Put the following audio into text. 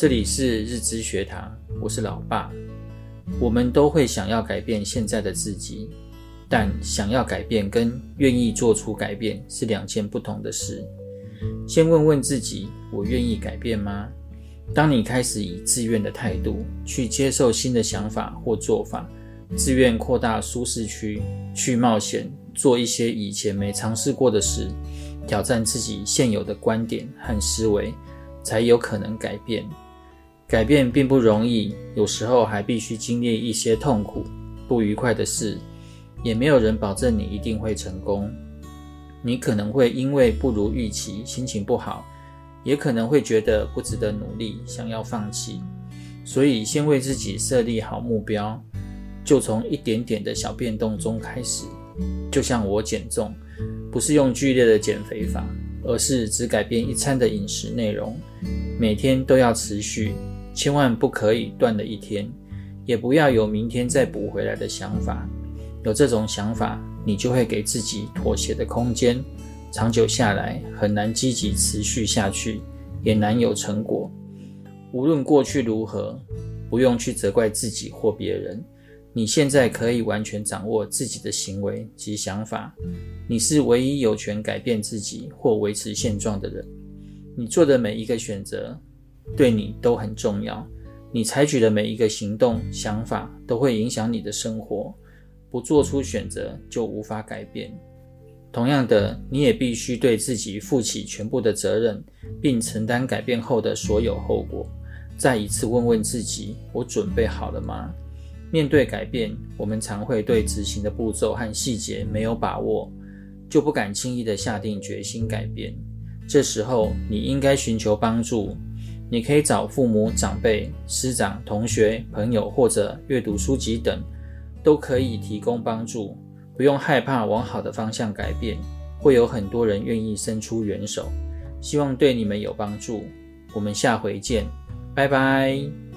這裡是日知學堂，我是老爸。我們都會想要改變現在的自己，但想要改變跟願意做出改變是兩件不同的事。先問問自己，我願意改變嗎？當你開始以自願的態度去接受新的想法或做法，自願擴大舒適區，去冒險做一些以前沒嘗試過的事，挑戰自己現有的觀點和思維，才有可能改變。改變並不容易，有時候還必須經歷一些痛苦、不愉快的事。也沒有人保證你一定會成功。你可能會因為不如預期，心情不好，也可能會覺得不值得努力，想要放棄。所以先為自己設立好目標，就從一點點的小變動中開始。就像我減重，不是用劇烈的減肥法，而是只改變一餐的飲食內容，每天都要持續。千萬不可以斷了一天，也不要有明天再補回來的想法。有這種想法，你就會給自己妥協的空間，長久下來，很難積極持續下去，也難有成果。無論過去如何，不用去責怪自己或別人。你現在可以完全掌握自己的行為及想法。你是唯一有權改變自己或維持現狀的人。你做的每一個選擇，對你都很重要。你採取的每一個行動、想法都會影響你的生活。不做出選擇，就無法改變。同樣的，你也必須對自己負起全部的責任，並承擔改變後的所有後果。再一次問問自己：我準備好了嗎？面對改變，我們常會對執行的步驟和細節沒有把握，就不敢輕易地下定決心改變。這時候，你應該尋求幫助。你可以找父母、長輩、師長、同學、朋友，或者閱讀書籍等，都可以提供幫助。不用害怕往好的方向改變，會有很多人願意伸出援手。希望對你們有幫助。我們下回見，拜拜。